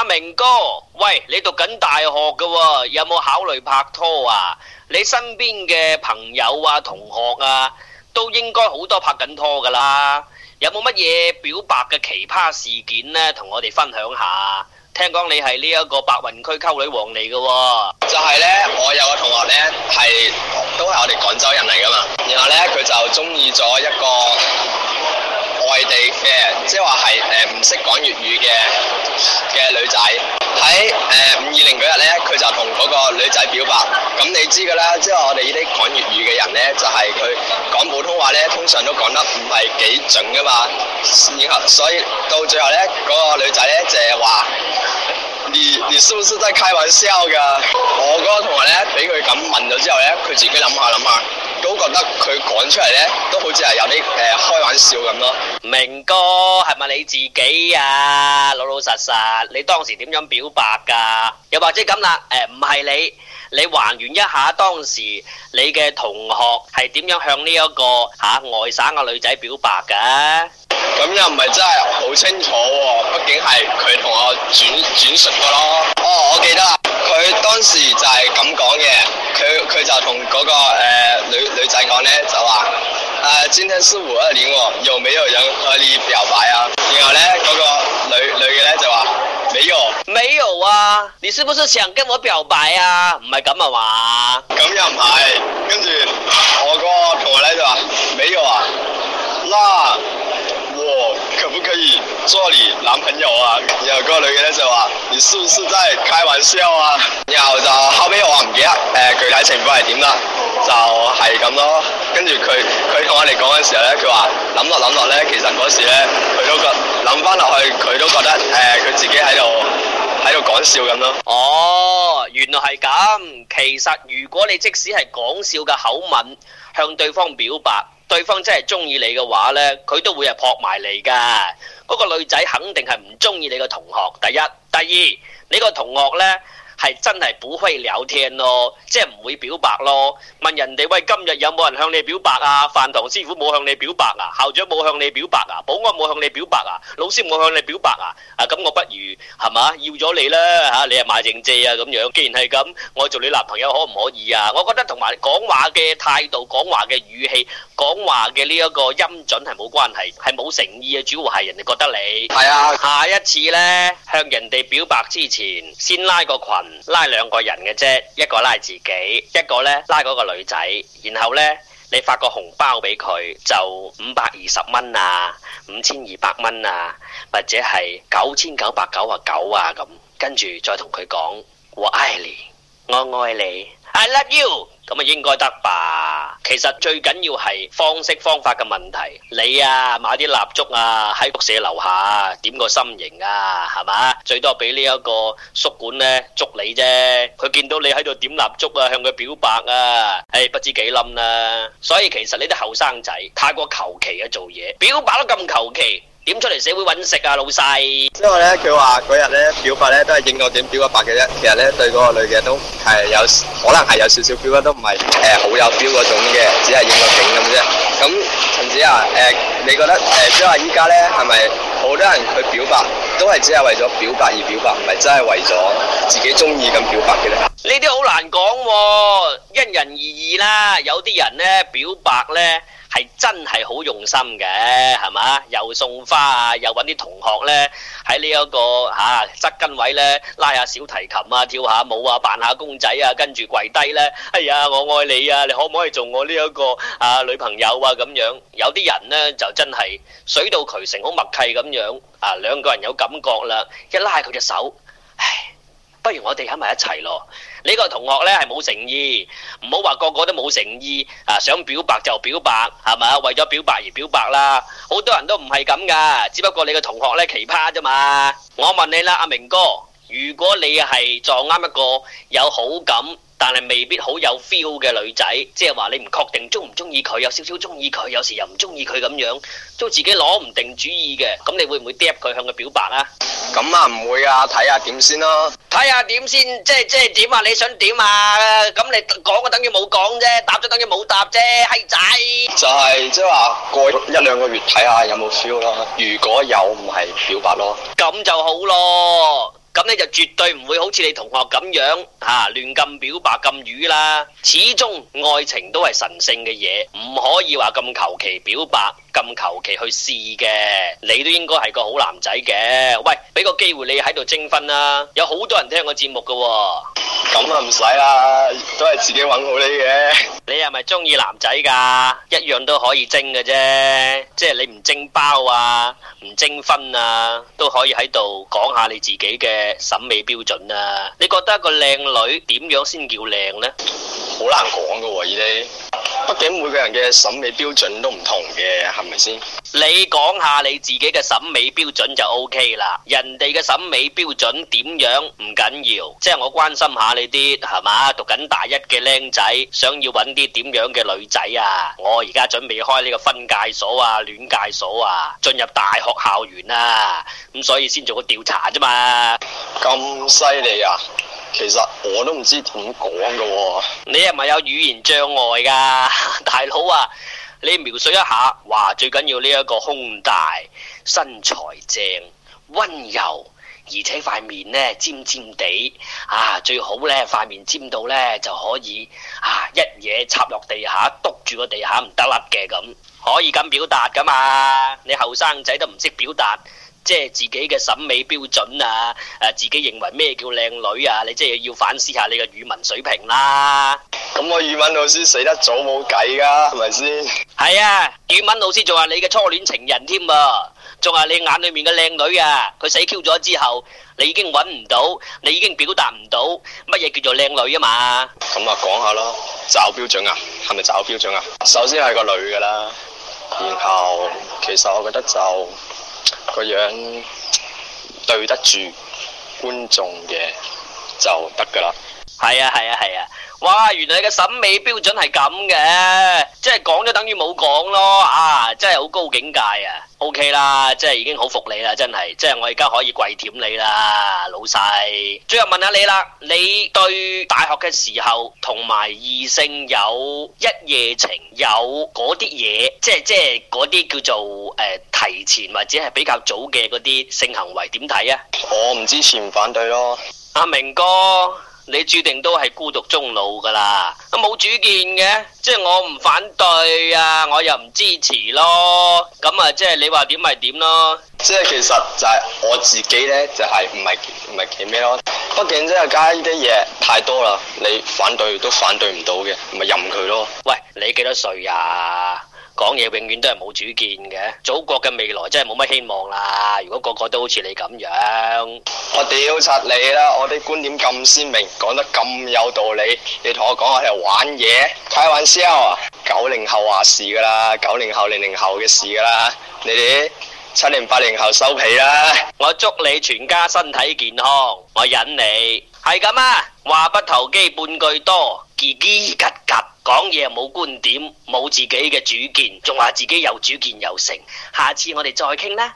阿明哥，喂，你讀緊大學噶，有冇考慮拍拖啊？你身邊嘅朋友啊、同學啊，都應該好多拍緊拖噶啦。有冇乜嘢表白嘅奇葩事件呢？同我哋分享下。聽講你係呢一個白雲區溝女王嚟噶喎，就係呢。我有個同學呢，係都係我哋廣州人嚟噶嘛。然後呢，佢就中意咗一個。外地嘅，即係話係誒唔識講粵語嘅嘅女仔，喺誒五二零嗰日咧，佢、呃、就同嗰個女仔表白。咁你知噶啦，即係我哋呢啲講粵語嘅人咧，就係佢講普通話咧，通常都講得唔係幾準噶嘛。然後所以到最後咧，嗰、嗰個女仔咧就係話：你你是不是在開玩笑噶？我嗰個同學咧，俾佢咁問咗之後咧，佢自己諗下諗下。都覺得佢講出嚟呢，都好似係有啲誒開玩笑咁咯。明哥，係咪你自己啊？老老實實，你當時點樣表白噶？又或者咁啦，誒唔係你，你還原一下當時你嘅同學係點樣向呢、這、一個嚇、呃、外省嘅女仔表白噶？咁又唔係真係好清楚喎、啊，畢竟係佢同我轉轉述個咯。哦，我記得啦，佢當時就係咁講嘅，佢佢就同嗰、那個、呃女仔講咧就話，誒、呃，今天是五二零喎、哦，有沒有人和你表白啊？然後咧嗰、那個女女嘅咧就話，沒有，沒有啊，你是不是想跟我表白啊？唔係咁啊嘛，咁又唔係，跟住我個同學咧就話，沒有啊，那我可不可以做你男朋友啊？然後個女嘅咧就話，你是不是在開玩笑啊？然後就後尾我話唔記得，誒、呃，具體情況係點啦？就。係咁咯，跟住佢佢同我哋講嘅時候咧，佢話諗落諗落咧，其實嗰時咧，佢都覺諗翻落去，佢都覺得誒，佢自己喺度喺度講笑咁咯。哦，原來係咁。其實如果你即使係講笑嘅口吻向對方表白，對方真係中意你嘅話咧，佢都會係撲埋嚟噶。嗰個女仔肯定係唔中意你個同學，第一，第二，你個同學咧。係真係不歡鳥聊天咯，即係唔會表白咯。問人哋喂，今日有冇人向你表白啊？飯堂師傅冇向你表白啊？校長冇向你表白啊？保安冇向你表白啊？老師冇向你表白啊？啊咁，我不如係嘛？要咗你啦嚇，啊，你係賣剩蔗啊咁樣。既然係咁，我做你男朋友可唔可以啊？我覺得同埋講話嘅態度，講話嘅語氣，講話嘅呢一個音準係冇關係，係冇誠意嘅，主要係人哋覺得你係啊。下一次呢，向人哋表白之前，先拉個群。拉兩個人嘅啫，一個拉自己，一個咧拉嗰個女仔，然後呢，你發個紅包俾佢，就五百二十蚊啊，五千二百蚊啊，或者係九千九百九啊九啊咁，跟住再同佢講，我愛你，我愛你。I love you，咁啊應該得吧。其實最緊要係方式方法嘅問題。你啊買啲蠟燭啊喺宿舍樓下點個心形啊，係嘛？最多俾呢一個宿管咧捉你啫。佢見到你喺度點蠟燭啊，向佢表白啊，唉、哎、不知幾冧啦。所以其實呢啲後生仔太過求其啊，做嘢表白都咁求其。點出嚟社會揾食啊，老細！因為咧，佢話嗰日咧表白咧都係應個景表白嘅啫。其實咧對嗰個女嘅都係有可能係有少少表啊，都唔係誒好有表嗰種嘅，只係應個景咁啫。咁陳子啊，誒、呃、你覺得誒即係話依家咧係咪好多人去表白都係只係為咗表白而表白，唔係真係為咗自己中意咁表白嘅咧？呢啲好難講，啊，因人而異啦。有啲人咧表白咧。係真係好用心嘅，係嘛？又送花啊，又揾啲同學呢，喺呢一個嚇、啊、側跟位呢，拉下小提琴啊，跳下舞啊，扮下公仔啊，跟住跪低呢。哎呀，我愛你啊，你可唔可以做我呢一個啊女朋友啊咁樣？有啲人呢，就真係水到渠成，好默契咁樣啊，兩個人有感覺啦，一拉佢隻手。不如我哋喺埋一齊咯！呢個同學咧係冇誠意，唔好話個個都冇誠意啊！想表白就表白，係咪啊？為咗表白而表白啦，好多人都唔係咁噶，只不過你個同學咧奇葩啫嘛！我問你啦，阿明哥。如果你係撞啱一個有好感，但係未必好有 feel 嘅女仔，即係話你唔確定中唔中意佢，有少少中意佢，有時又唔中意佢咁樣，都自己攞唔定主意嘅，咁你會唔會嗒佢向佢表白啊？咁啊，唔會啊，睇下點先啦。睇下點先，即係即係點啊？你想點啊？咁你講啊，等於冇講啫，答咗等於冇答啫，閪仔。就係即係話過一兩個月睇下有冇 feel 咯。如果有，唔係表白咯。咁就好咯。咁你就絕對唔會好似你同學咁樣嚇、啊、亂咁表白咁語啦。始終愛情都係神聖嘅嘢，唔可以話咁求其表白，咁求其去試嘅。你都應該係個好男仔嘅。喂，俾個機會你喺度徵婚啦、啊，有好多人聽我節目嘅喎、哦。咁啊，唔使啦，都係自己揾好你嘅。你係咪中意男仔噶？一樣都可以蒸嘅啫，即係你唔蒸包啊，唔蒸分啊，都可以喺度講下你自己嘅審美標準啊。你覺得一個靚女點樣先叫靚呢？好難講噶喎，依啲。畢竟每個人嘅審美標準都唔同嘅，係咪先？你講下你自己嘅審美標準就 O K 啦。人哋嘅審美標準點樣唔緊要，即係我關心下你啲係嘛？讀緊大一嘅僆仔，想要搵啲點樣嘅女仔啊？我而家準備開呢個婚介所啊、戀介所啊，進入大學校園啊，咁所以先做個調查啫嘛。咁犀利啊！其實我都唔知點講噶，你係咪有語言障礙噶，大佬啊？你描述一下，話！最緊要呢一個胸大、身材正、溫柔，而且塊面呢尖尖地，啊！最好呢塊面尖到呢，就可以啊一嘢插落地下，督住個地下唔得甩嘅咁，可以咁表達噶嘛？你後生仔都唔識表達。即係自己嘅審美標準啊！誒、啊，自己認為咩叫靚女啊？你即係要反思下你嘅語文水平啦。咁我語文老師死得早冇計噶，係咪先？係啊，語文老師仲係你嘅初戀情人添、啊、噃，仲係你眼裏面嘅靚女啊！佢死 Q 咗之後，你已經揾唔到，你已經表達唔到乜嘢叫做靚女啊嘛！咁啊，講下咯，找標準啊，係咪找標準啊？首先係個女噶啦，然後其實我覺得就。個樣對得住觀眾嘅就得噶啦。係啊，係啊，係啊！哇，原來你嘅審美標準係咁嘅，即係講咗等於冇講咯。真係好高境界啊！OK 啦，即係已經好服你啦，真係，即係我而家可以跪舔你啦，老細。最後問下你啦，你對大學嘅時候同埋異性有一夜情有嗰啲嘢，即係即係嗰啲叫做誒、呃、提前或者係比較早嘅嗰啲性行為，點睇啊？我唔支持，唔反對咯。阿、啊、明哥。你注定都係孤獨終老噶啦，都、啊、冇主見嘅，即係我唔反對啊，我又唔支持咯，咁啊即係你話點咪點咯。即係其實就係我自己咧，就係唔係唔係企咩咯。畢竟即係加呢啲嘢太多啦，你反對都反對唔到嘅，咪任佢咯。喂，你幾多歲啊？講嘢永遠都係冇主見嘅，祖國嘅未來真係冇乜希望啦。如果個個都好似你咁樣，我屌柒你啦！我啲觀點咁鮮明，講得咁有道理，你同我講我係玩嘢，開玩笑啊！九零後話事噶啦，九零後、零零後嘅事噶啦，你哋七零八零後收皮啦。我祝你全家身體健康，我忍你。係咁啊！話不投機半句多，嘰嘰嘎嘎講嘢冇觀點，冇自己嘅主見，仲話自己有主見有成。下次我哋再傾啦。